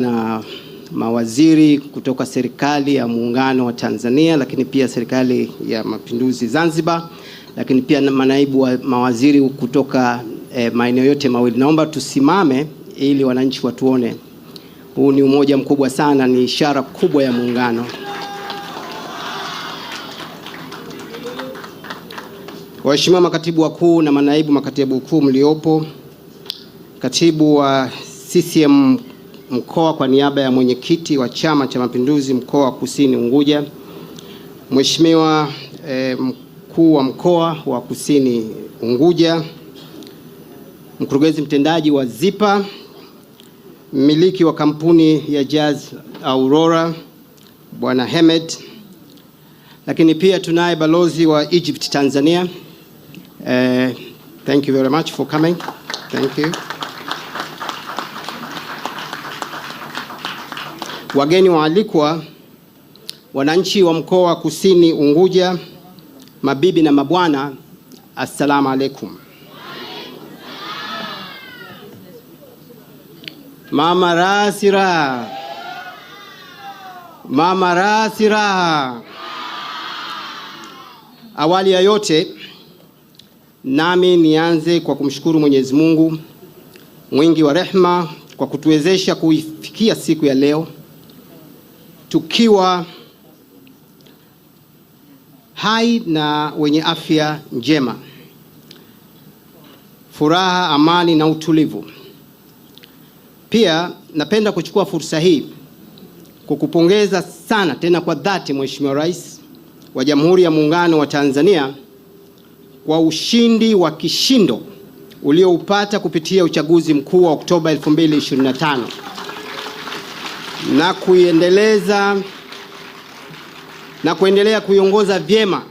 na mawaziri kutoka serikali ya muungano wa Tanzania, lakini pia serikali ya mapinduzi Zanzibar, lakini pia na manaibu wa mawaziri kutoka eh, maeneo yote mawili. Naomba tusimame ili wananchi watuone. Huu ni umoja mkubwa sana, ni ishara kubwa ya muungano. Waheshimiwa makatibu wakuu na manaibu makatibu wakuu mliopo, katibu wa CCM mkoa kwa niaba ya mwenyekiti wa Chama cha Mapinduzi mkoa wa Kusini Unguja, Mheshimiwa e, mkuu wa mkoa wa Kusini Unguja, mkurugenzi mtendaji wa ZIPA, mmiliki wa kampuni ya Jazz Aurora Bwana Hemed, lakini pia tunaye balozi wa Egypt Tanzania. Eh, thank you very much for coming. Thank you. wageni waalikwa, wananchi wa mkoa wa Kusini Unguja, mabibi na mabwana, assalamu alaikum. Mama Rasira, mama Rasira, Awali ya yote, nami nianze kwa kumshukuru Mwenyezi Mungu mwingi wa rehma kwa kutuwezesha kuifikia siku ya leo tukiwa hai na wenye afya njema, furaha, amani na utulivu. Pia napenda kuchukua fursa hii kukupongeza sana tena kwa dhati, Mheshimiwa Rais wa Jamhuri ya Muungano wa Tanzania kwa ushindi wa kishindo ulioupata kupitia uchaguzi mkuu wa Oktoba 2025 na kuiendeleza na kuendelea kuiongoza vyema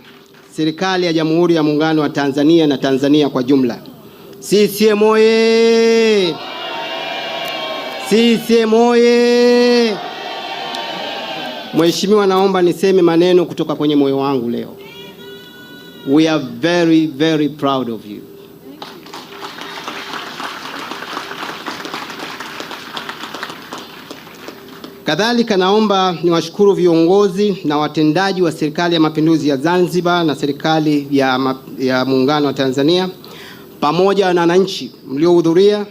serikali ya Jamhuri ya Muungano wa Tanzania na Tanzania kwa jumla. CCM oye! CCM oye! Mheshimiwa, naomba niseme maneno kutoka kwenye moyo wangu leo. We are very very proud of you. Kadhalika, naomba niwashukuru viongozi na watendaji wa Serikali ya Mapinduzi ya Zanzibar na Serikali ya, ya Muungano wa Tanzania pamoja na wananchi mliohudhuria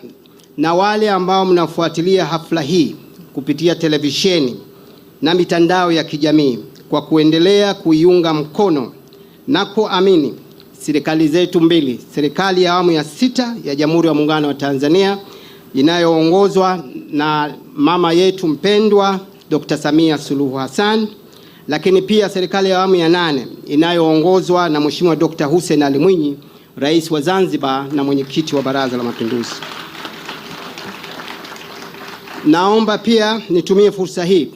na wale ambao mnafuatilia hafla hii kupitia televisheni na mitandao ya kijamii kwa kuendelea kuiunga mkono na kuamini serikali zetu mbili, serikali ya awamu ya sita ya Jamhuri ya Muungano wa Tanzania inayoongozwa na mama yetu mpendwa Dr. Samia Suluhu Hassan, lakini pia serikali ya awamu ya nane inayoongozwa na Mheshimiwa Dr. Hussein Ali Mwinyi, rais wa Zanzibar na mwenyekiti wa Baraza la Mapinduzi. Naomba pia nitumie fursa hii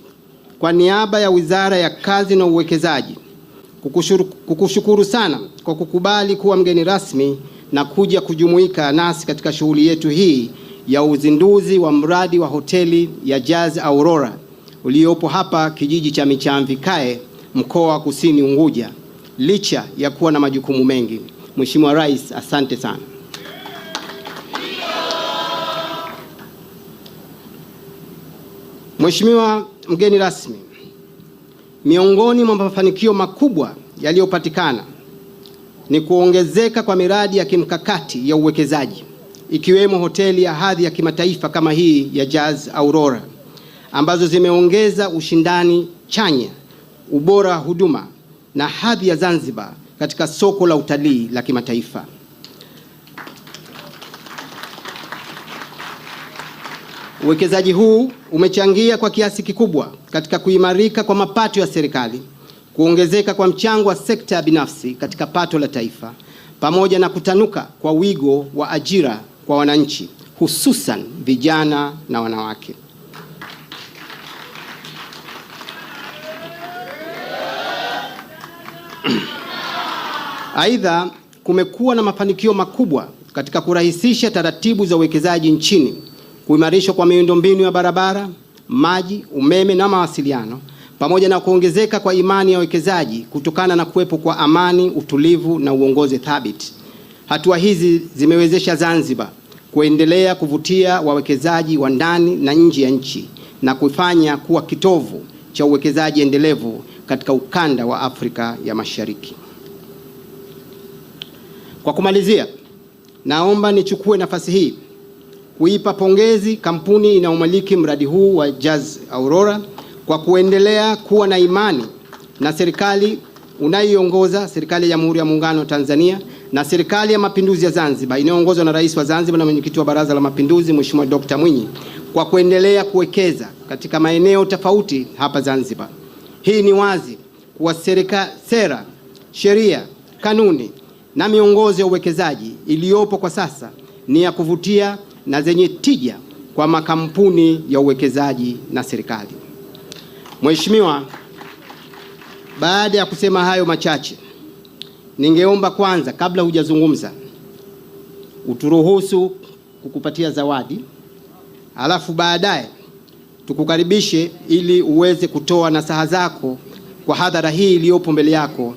kwa niaba ya Wizara ya Kazi na Uwekezaji kukushuru, kukushukuru sana kwa kukubali kuwa mgeni rasmi na kuja kujumuika nasi katika shughuli yetu hii ya uzinduzi wa mradi wa hoteli ya Jazz Aurora uliopo hapa kijiji cha Michamvi Kae, mkoa wa Kusini Unguja, licha ya kuwa na majukumu mengi. Mheshimiwa Rais, asante sana. Mheshimiwa mgeni rasmi, miongoni mwa mafanikio makubwa yaliyopatikana ni kuongezeka kwa miradi ya kimkakati ya uwekezaji ikiwemo hoteli ya hadhi ya kimataifa kama hii ya Jazz Aurora ambazo zimeongeza ushindani chanya, ubora wa huduma na hadhi ya Zanzibar katika soko la utalii la kimataifa. Uwekezaji huu umechangia kwa kiasi kikubwa katika kuimarika kwa mapato ya serikali, kuongezeka kwa mchango wa sekta ya binafsi katika pato la taifa, pamoja na kutanuka kwa wigo wa ajira kwa wananchi hususan vijana na wanawake. Aidha, kumekuwa na mafanikio makubwa katika kurahisisha taratibu za uwekezaji nchini, kuimarishwa kwa miundombinu ya barabara, maji, umeme na mawasiliano, pamoja na kuongezeka kwa imani ya wawekezaji kutokana na kuwepo kwa amani, utulivu na uongozi thabiti. Hatua hizi zimewezesha Zanzibar kuendelea kuvutia wawekezaji wa ndani na nje ya nchi na kuifanya kuwa kitovu cha uwekezaji endelevu katika ukanda wa Afrika ya Mashariki. Kwa kumalizia, naomba nichukue nafasi hii kuipa pongezi kampuni inayomiliki mradi huu wa Jazz Aurora kwa kuendelea kuwa na imani na serikali unayoiongoza, serikali ya Jamhuri ya Muungano wa Tanzania na Serikali ya Mapinduzi ya Zanzibar inayoongozwa na Rais wa Zanzibar na Mwenyekiti wa Baraza la Mapinduzi Mheshimiwa Dr. Mwinyi kwa kuendelea kuwekeza katika maeneo tofauti hapa Zanzibar. Hii ni wazi kuwa serika, sera, sheria, kanuni na miongozo ya uwekezaji iliyopo kwa sasa ni ya kuvutia na zenye tija kwa makampuni ya uwekezaji na serikali. Mheshimiwa, baada ya kusema hayo machache ningeomba kwanza, kabla hujazungumza, uturuhusu kukupatia zawadi, alafu baadaye tukukaribishe ili uweze kutoa nasaha zako kwa hadhara hii iliyopo mbele yako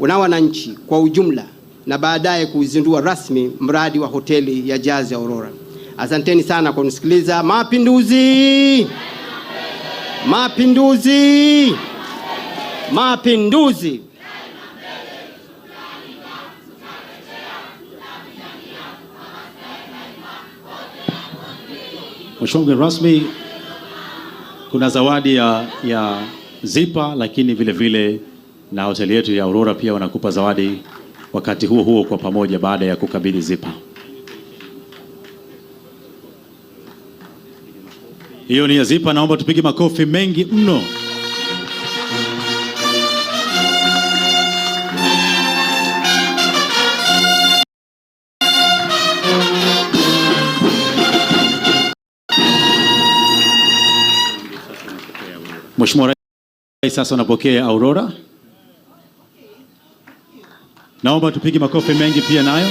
na wananchi kwa ujumla, na baadaye kuizindua rasmi mradi wa hoteli ya Jazz ya Aurora. Asanteni sana kwa kunisikiliza. Mapinduzi! Mapinduzi! Mapinduzi! Mheshimiwa mgeni rasmi, kuna zawadi ya, ya Zipa lakini vile vile na hoteli yetu ya Aurora pia wanakupa zawadi wakati huo huo kwa pamoja baada ya kukabidhi Zipa. Hiyo ni ya Zipa, naomba tupige makofi mengi mno. Mheshimiwa Rais sasa anapokea Aurora. Naomba tupige makofi mengi pia nayo.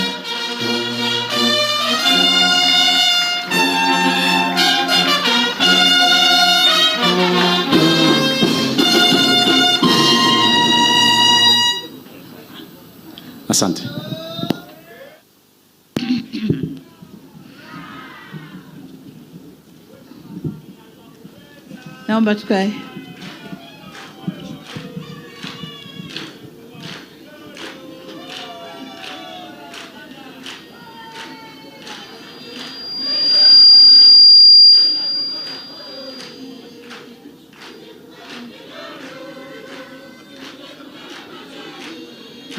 Asante. Naomba tukae.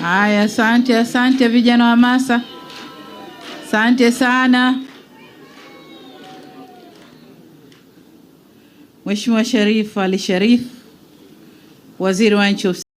Haya, asante, asante vijana wa Masa, asante sana. Mheshimiwa Sharif Ali Sharif, waziri wa nchi